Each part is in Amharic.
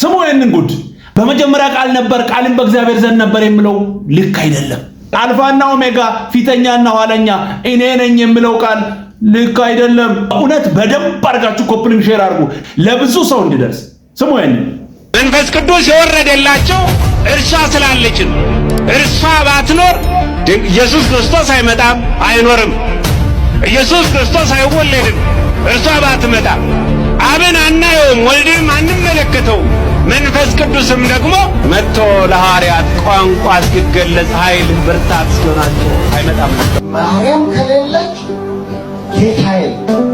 ስሙ ይህንን ጉድ። በመጀመሪያ ቃል ነበር፣ ቃልም በእግዚአብሔር ዘንድ ነበር የሚለው ልክ አይደለም። አልፋና ኦሜጋ ፊተኛና ኋለኛ እኔ ነኝ የሚለው ቃል ልክ አይደለም። እውነት በደንብ አድርጋችሁ ኮፕሊንግ ሼር አድርጉ ለብዙ ሰው እንዲደርስ። ስሙ ይህን መንፈስ ቅዱስ የወረደላቸው እርሷ ስላለች ነው። እርሷ ባትኖር ኢየሱስ ክርስቶስ አይመጣም፣ አይኖርም። ኢየሱስ ክርስቶስ አይወለድም እርሷ ባትመጣ አብን አናየውም፣ ወልድም አንመለከተው። መንፈስ ቅዱስም ደግሞ መጥቶ ለሐዋርያት ቋንቋ እስኪገለጽ ኃይል ብርታት እስኪሆናቸው አይመጣም ማርያም ከሌለች ጌታ የለም።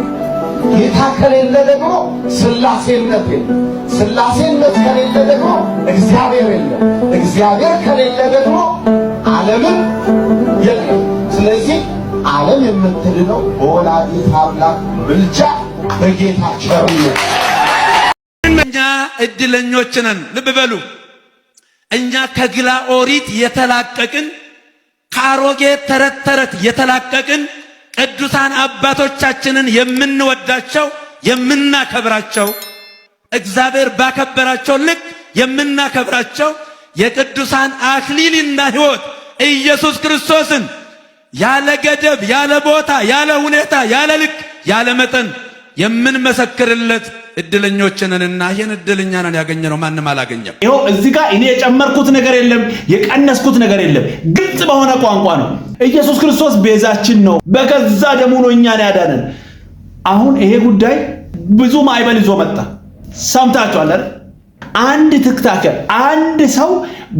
ጌታ ከሌለ ደግሞ ስላሴነት የለም። ስላሴነት ከሌለ ደግሞ እግዚአብሔር የለም። እግዚአብሔር ከሌለ ደግሞ ዓለምን የምትድነው በወላዲተ አምላክ ምልጃ በጌታ ቸርነት። እኛ እድለኞች ነን። ልብ በሉ። እኛ ከግላ ኦሪት የተላቀቅን ከአሮጌ ተረት ተረት የተላቀቅን ቅዱሳን አባቶቻችንን የምንወዳቸው የምናከብራቸው እግዚአብሔር ባከበራቸው ልክ የምናከብራቸው የቅዱሳን አክሊልና ሕይወት ኢየሱስ ክርስቶስን ያለ ገደብ፣ ያለ ቦታ፣ ያለ ሁኔታ፣ ያለ ልክ፣ ያለ መጠን የምንመሰክርለት እድለኞችንንና ይህን እድለኛ ነን ያገኘነው ማንም አላገኘም። ይኸው እዚህ ጋር እኔ የጨመርኩት ነገር የለም የቀነስኩት ነገር የለም። ግልጽ በሆነ ቋንቋ ነው። ኢየሱስ ክርስቶስ ቤዛችን ነው። በገዛ ደሙ ነው እኛን ያዳነን። አሁን ይሄ ጉዳይ ብዙ ማዕበል ይዞ መጣ። ሰምታችኋል። አንድ ትክታከል አንድ ሰው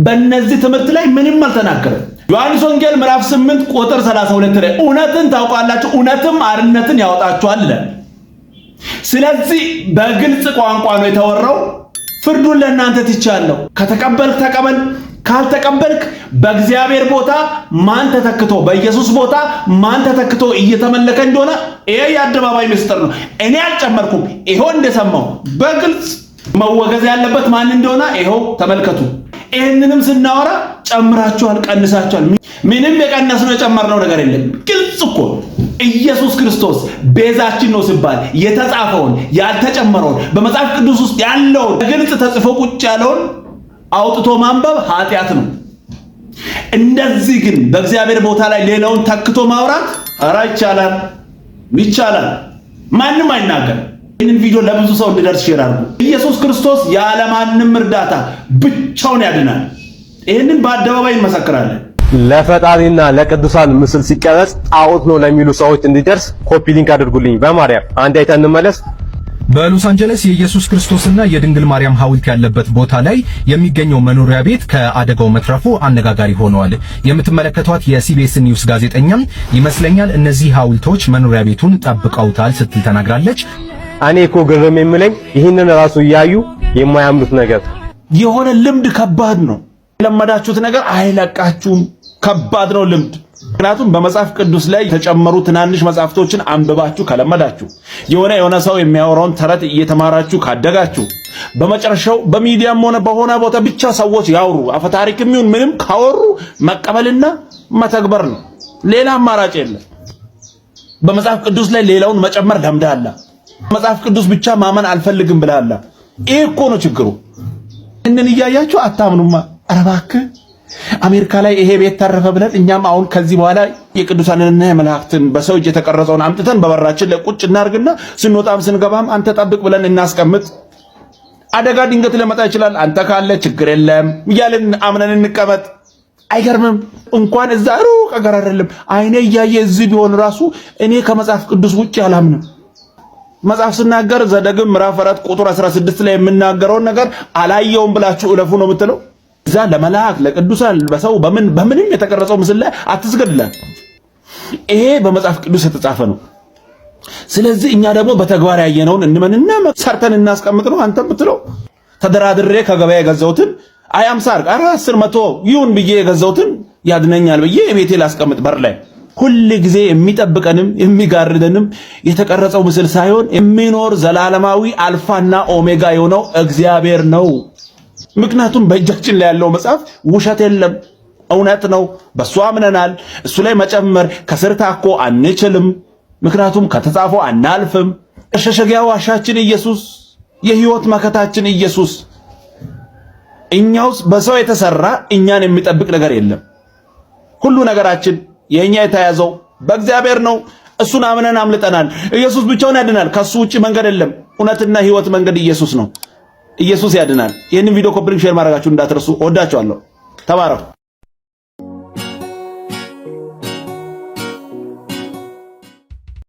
በእነዚህ ትምህርት ላይ ምንም አልተናገረም። ዮሐንስ ወንጌል ምዕራፍ 8 ቁጥር 32 ላይ እውነትን ታውቃላችሁ እውነትም አርነትን ያወጣችኋል። ስለዚህ በግልጽ ቋንቋ ነው የተወራው። ፍርዱን ለእናንተ ትቻለሁ። ከተቀበልክ ተቀበል፣ ካልተቀበልክ በእግዚአብሔር ቦታ ማን ተተክቶ በኢየሱስ ቦታ ማን ተተክቶ እየተመለከ እንደሆነ ይሄ የአደባባይ ምስጢር ነው። እኔ አልጨመርኩም። ይሄው እንደሰማው በግልጽ መወገዝ ያለበት ማን እንደሆነ ይኸው ተመልከቱ። ይህንንም ስናወራ ጨምራችኋል፣ ቀንሳችኋል። ምንም የቀነስነው የጨመርነው ነገር የለም። ግልጽ እኮ ኢየሱስ ክርስቶስ ቤዛችን ነው ሲባል የተጻፈውን ያልተጨመረውን በመጽሐፍ ቅዱስ ውስጥ ያለውን በግልጽ ተጽፎ ቁጭ ያለውን አውጥቶ ማንበብ ኃጢአት ነው። እንደዚህ ግን በእግዚአብሔር ቦታ ላይ ሌላውን ተክቶ ማውራት ኧረ ይቻላል፣ ይቻላል። ማንም አይናገር። ይህንን ቪዲዮ ለብዙ ሰው እንድደርስ ሼር አድርጉ። ኢየሱስ ክርስቶስ ያለማንም እርዳታ ብቻውን ያድናል። ይህንን በአደባባይ እንመሰክራለን። ለፈጣሪና ለቅዱሳን ምስል ሲቀረጽ ጣዖት ነው ለሚሉ ሰዎች እንዲደርስ ኮፒ ሊንክ አድርጉልኝ። በማርያም አንድ አይተ እንመለስ። በሎስ አንጀለስ የኢየሱስ ክርስቶስና የድንግል ማርያም ሐውልት ያለበት ቦታ ላይ የሚገኘው መኖሪያ ቤት ከአደጋው መትረፉ አነጋጋሪ ሆኗል። የምትመለከቷት የሲቢኤስ ኒውስ ጋዜጠኛም ይመስለኛል እነዚህ ሐውልቶች መኖሪያ ቤቱን ጠብቀውታል ስትል ተናግራለች። እኔ እኮ ግርም የምለኝ ይህንን ራሱ እያዩ የማያምኑት ነገር የሆነ ልምድ ከባድ ነው። የለመዳችሁት ነገር አይለቃችሁም። ከባድ ነው ልምድ። ምክንያቱም በመጽሐፍ ቅዱስ ላይ የተጨመሩ ትናንሽ መጽሐፍቶችን አንብባችሁ ከለመዳችሁ፣ የሆነ የሆነ ሰው የሚያወራውን ተረት እየተማራችሁ ካደጋችሁ፣ በመጨረሻው በሚዲያም ሆነ በሆነ ቦታ ብቻ ሰዎች ያወሩ አፈታሪክም ይሁን ምንም ካወሩ መቀበልና መተግበር ነው። ሌላ አማራጭ የለም። በመጽሐፍ ቅዱስ ላይ ሌላውን መጨመር ለምዳላ መጽሐፍ ቅዱስ ብቻ ማመን አልፈልግም ብላለ ይሄ እኮ ነው ችግሩ። እንን እያያችሁ አታምኑማ። ኧረ እባክህ አሜሪካ ላይ ይሄ ቤት ተረፈ ብለን እኛም አሁን ከዚህ በኋላ የቅዱሳንንና የመላእክትን በሰው እጅ የተቀረጸውን አምጥተን በበራችን ለቁጭ እናርግና ስንወጣም ስንገባም አንተ ጠብቅ ብለን እናስቀምጥ። አደጋ ድንገት ሊመጣ ይችላል፣ አንተ ካለ ችግር የለም እያልን አምነን እንቀመጥ። አይገርምም? እንኳን እዛ ሩቅ አገር አይደለም አይኔ እያየ እዚህ ቢሆን ራሱ እኔ ከመጽሐፍ ቅዱስ ውጭ አላምንም። መጽሐፍ ስናገር ዘዳግም ምዕራፍ 4 ቁጥር 16 ላይ የምናገረውን ነገር አላየውም ብላችሁ እለፉ ነው የምትለው። እዛ ለመላእክ ለቅዱሳን በሰው በምን በምንም የተቀረጸው ምስል ላይ አትስገድላል። ይሄ በመጽሐፍ ቅዱስ የተጻፈ ነው። ስለዚህ እኛ ደግሞ በተግባር ያየነውን እንመንና ሰርተን እናስቀምጥ ነው። አንተ የምትለው ተደራድሬ ከገበያ የገዛሁትን አያምሳር አራ አስር መቶ ይሁን ብዬ የገዛሁትን ያድነኛል ብዬ ቤቴ ላስቀምጥ በር ላይ ሁል ጊዜ የሚጠብቀንም የሚጋርደንም የተቀረጸው ምስል ሳይሆን የሚኖር ዘላለማዊ አልፋና ኦሜጋ የሆነው እግዚአብሔር ነው። ምክንያቱም በእጃችን ላይ ያለው መጽሐፍ ውሸት የለም፣ እውነት ነው። በእሱ አምነናል። እሱ ላይ መጨመር ከስር ታኮ አንችልም። ምክንያቱም ከተጻፈው አናልፍም። መሸሸጊያ ዋሻችን ኢየሱስ፣ የህይወት መከታችን ኢየሱስ። እኛውስ በሰው የተሰራ እኛን የሚጠብቅ ነገር የለም። ሁሉ ነገራችን የኛ የተያዘው በእግዚአብሔር ነው። እሱን አምነን አምልጠናል። ኢየሱስ ብቻውን ያድናል። ከሱ ውጭ መንገድ የለም። እውነትና ህይወት መንገድ ኢየሱስ ነው። ኢየሱስ ያድናል። ይህንን ቪዲዮ ኮፒ ሊንክ ሼር ማድረጋችሁ እንዳትረሱ። ወዳችኋለሁ። ተባረኩ።